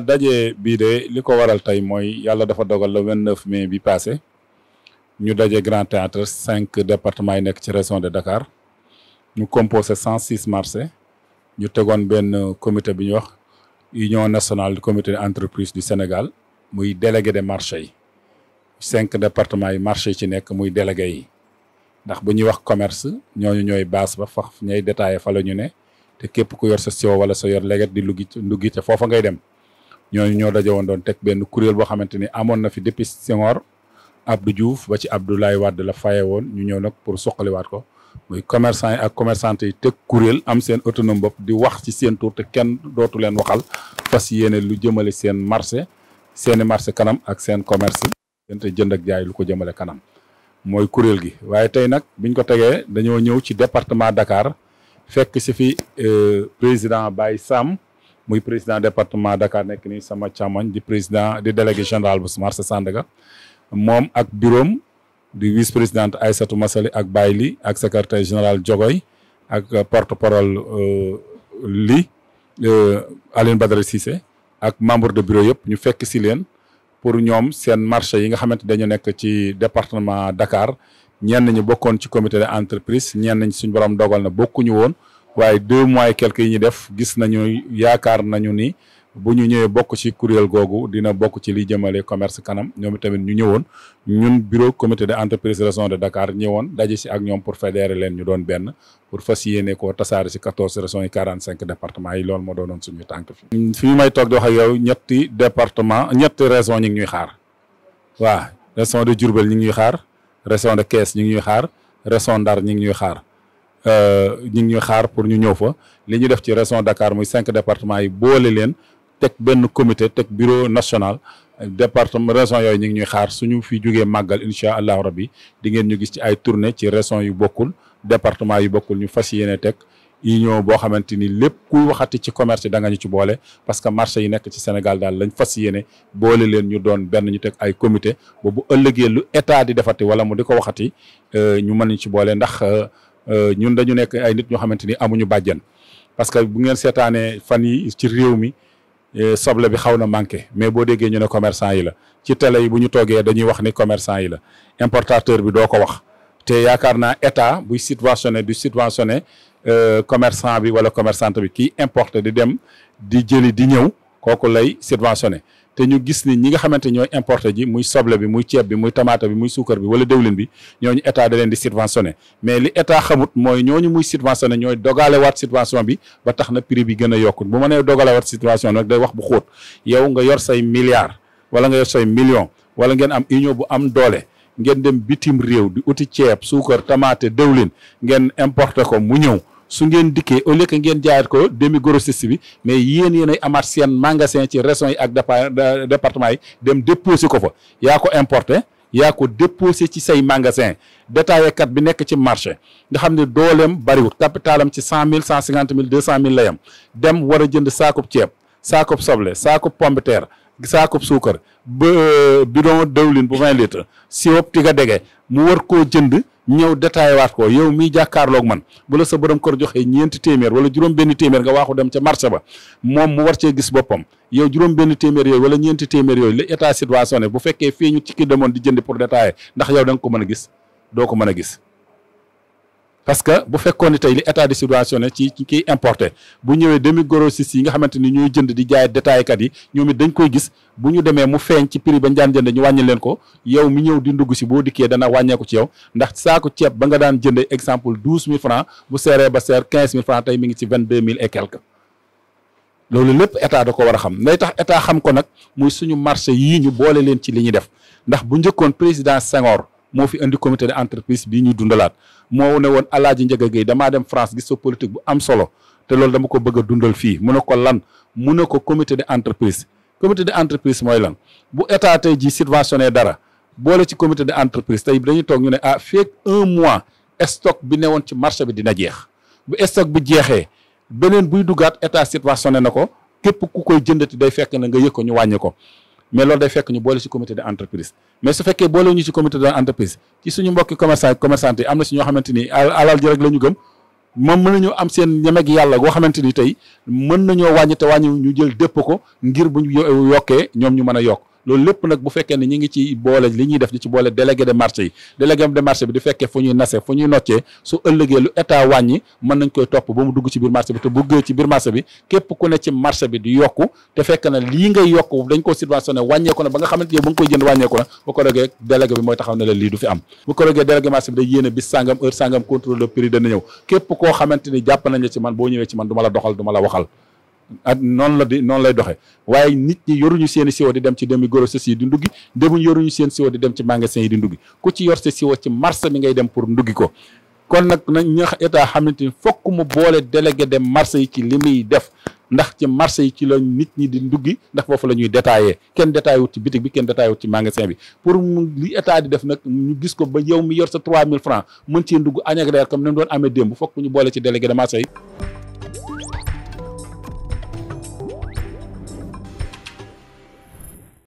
daje bii de li ko waral tey mooy yàlla dafa dogal le vingt neuf mai bi passé ñu daje Grand Théâtre cinq départements yi nekk ci région de Dakar ñu composé cent marché ñu tegoon benn comité bi ñuy wax union nationale du comité entreprise du Sénégal muy délégué de marchés yi cinq départements yi marché yi ci nekk muy délégué yi ndax bu ñuy wax commerce ñooñu ñooy baas ba fa ñooy détaillé fa la ñu ne te képp ku yor sa sio wala sa yor léget di luggi nduggi ca foofa ngay dem ñooñu ñoo daje woon doon teg benn kuréel boo xamante ni amoon na fi depuis Senghor Abdou juuf ba ci Abdoulaye Wade la faye woon ñu ñëw nag pour suqaliwaat ko muy commerçant yi ak commerçante yi teg kuréel am seen autonome bopp di wax ci seen tur te kenn dootu leen waxal fas yéene lu jëmale seen marché seeni marché kanam ak seen commerce te jënd ak jaay lu ko jëmale kanam mooy kuréel gi waaye tey nag biñ ko tegee dañoo ñëw ci département Dakar fekk si fi euh, président Baye Sam muy président département Dakar nekk ni sama càmmoñ di président di délégué général bu marché Sandaga moom ak bureau di vice présidente Aïssatou Massali ak Baye Li ak secrétaire général Diogoy ak porte parole euh, li euh, Aline Badara Cissé ak membre de bureau yëpp ñu fekk si leen pour ñoom seen marché yi nga xamante dañu nekk ci département Dakar ñenn ñi bokkoon ci comité de entreprise ñenn ñi suñ borom dogal na bokkuñu woon waaye deux mois quelques yi ñu def gis nañu yaakaar nañu ni bu ñu ñëwee bokk ci kuréel googu dina bokk ci li jëmalee commerce kanam ñoom tamit ñu ñëwoon ñun bureau comité de entreprise région de Dakar ñëwoon daje si ak ñoom pour fédérer leen ñu doon benn pour fas yéene koo tasaare si quatorze raison yi quarante cinq départements yi loolu moo doonoon suñu tànk fi fi ñu may toog di wax ak yow ñetti département ñetti région ñu ngi ñuy xaar waa région de Diourbel ñu ngi ñuy xaar région de Thiès ñu ngi ñuy xaar région Ndar ñu ngi ñuy xaar euh, ñu ngi ñuy xaar pour ñu ñëw fa li ñu def ci région Dakar muy cinq départements yi boole leen teg benn comité teg bureau national département raison yooyu ñu ngi ñuy xaar suñu fi jógee màggal incha allahu rabbi di ngeen ñu gis ci ay tournée ci région yu bokkul département yu bokkul ñu fas yéene teg union boo xamante ni lépp ku waxati ci commerce da nga ñu ci boole parce que marché yi nekk ci Sénégal daal lañ fas yéene boole leen ñu doon benn ñu teg ay comité ba bu ëllëgee lu état di defati wala mu di ko waxati euh, ñu mën ñu ci boole ndax euh, ñun dañu nekk nit ñoo xamante ni amuñu bàjjen parce que bu ngeen seetaanee fan yi ci réew mi Euh, soble bi xaw na manqué mais boo déggee ñu ne commerçant yi la ci télé yi bu ñu toogee dañuy wax ni commerçant yi la importateur bi doo ko wax te yaakaar naa état buy subventionné du subventionné euh, commerçant bi wala commerçante bi kii importe di dem di jëli di ñëw kooku lay subventionné te ñu gis ni ñi nga xamante ñooy importé ji muy soble bi muy ceeb bi muy tamaate bi muy suukar bi wala déwlin bi ñooñu état da leen di subventionné mais li état xamut mooy ñooñu muy subventionné ñooy dogale waat situation bi ba tax na prix bi gën a yokkut bu ma nee dogale waat situation nag day wax bu xóot yow nga yor say milliards wala nga yor say million wala ngeen am union bu am doole ngeen dem bitim réew di uti ceeb suukar tamaate déwlin ngeen importé ko mu ñëw su ngeen dikkee au lieu que ngeen jaayat ko demi grossiste bi mais yéen yéen ay amaat seen magasin ci régions yi ak département yi dem déposé ko fa yaa ko importé yaa ko déposé ci say magasin détaillékat bi nekk ci marché nga xam ne doolem bariwut capitalam ci cent mille cent cinquante mille deux cent mille la dem war a jënd saakub ceeb saakub soble saakub pomme de terre saakub suukar ba euh, bidon dëwlin bu vingt litres siop tiga dege mu war koo jënd ñëw détaillé waat ko yow miy jàkkaarloog man bu sa borom kër joxee ñeenti téeméer wala juróom benn téeméer nga waaxu dem ca marché ba moom mu war cee gis boppam yow juróom benn téeméer yooyu wala ñeenti téeméer yooyu la état situation ne bu fekkee fii ñu ci ki demoon di jëndi pour détaillé ndax yow danga nga ko mën a gis doo ko mën a gis parce que bu fekkoon ne tey li état de situation ne ci ci kiy importé bu ñëwee demi grossiste yi nga xamante ni ñooy jënd di jaay détaillkat yi ñoom it dañ koy gis bu ñu demee mu feeñ ci prix ba ñu daan jënd ñu wàññi leen ko yow mi ñëw di ndugg si boo dikkee dana wàññeeku ci yow ndax saako ceeb ba nga daan jëndee exemple douze mille francs bu seeree ba seer quinze mille francs tey mi ngi ci vingt deux mille et quelque loolu lépp état da ko war a xam lay tax état xam ko nag muy suñu marché yii ñu boole leen ci li ñuy def ndax bu njëkkoon président Senghor moo fi indi comité de entreprise bii ñuy dundalaat moo ne woon Alaaji Njaga Géey damaa dem France gis sa politique bu am solo te loolu dama ko bëgg a dundal fii mu ne ko lan mu ne ko comité de entreprise comité de entreprise mooy lan bu étate tey ji subventionné dara boole ci comité de entreprise tey dañuy toog ñu ne ah feeg un mois stock bi ne woon ci marché bi dina jeex bu stock bi jeexee beneen buy duggaat état subventionné na ko képp ku koy jëndati day fekk na nga yëg ko ñu wàññi ko mais loolu day fekk ñu boole ci comité de entreprise mais su fekkee boole ñu ci comité de entreprise ci suñu mbokki commerçant commerçant yi am na si ñoo xamante alal ji rek la ñu gëm moom mën nañu am seen ñemeeg yàlla goo xamante ni tey mën nañoo wàññi te wàññi ñu jël dépp ko ngir bu ñu yokkee ñoom ñu mën a yokk loolu lépp nag bu fekkee ne ñi ngi ci boole li ñuy def di ci boole délégué de marché yi délégué de marché bi di fekkee fu ñuy nase fu ñuy noccee su ëllëgee lu état wàññi mën nañ koy topp ba mu dugg ci biir marché bi te bu gëy ci biir marché bi képp ku ne ci marché bi di yokku te fekk na lii ngay yokku dañ ko subventionné wàññeeku na ba nga xamante yow ba nga koy jënd wàññeeku na bu ko rogee délégué bi mooy taxaw ne la lii du fi am bu ko rogee délégué képp koo xamante ni jàpp nañ la ci man boo ñëwee ci man du ma ak noonu la di noonu lay doxee waaye nit ñi yoruñu seen i siwo di dem ci demi grossesse yi di nduggi demuñ yoruñu seen siwo di dem ci magasin yi di nduggi ku ci yor sa siwo ci marché mi ngay dem pour nduggi ko kon nag nag ñu état xamante ni fokk mu boole délégué dem marché yi ci li muy def ndax ci marché yi ci nit ñi di nduggi ndax foofu la ñuy détaillé kenn détaillé wut ci bitig bi kenn détaillé wut ci magasin bi pour li état di def nag ñu gis ko ba yow mi yor sa 3000 francs mën cee ndugg añ ak reer comme ni mu doon amee démb fokk ñu boole ci délégué de marché yi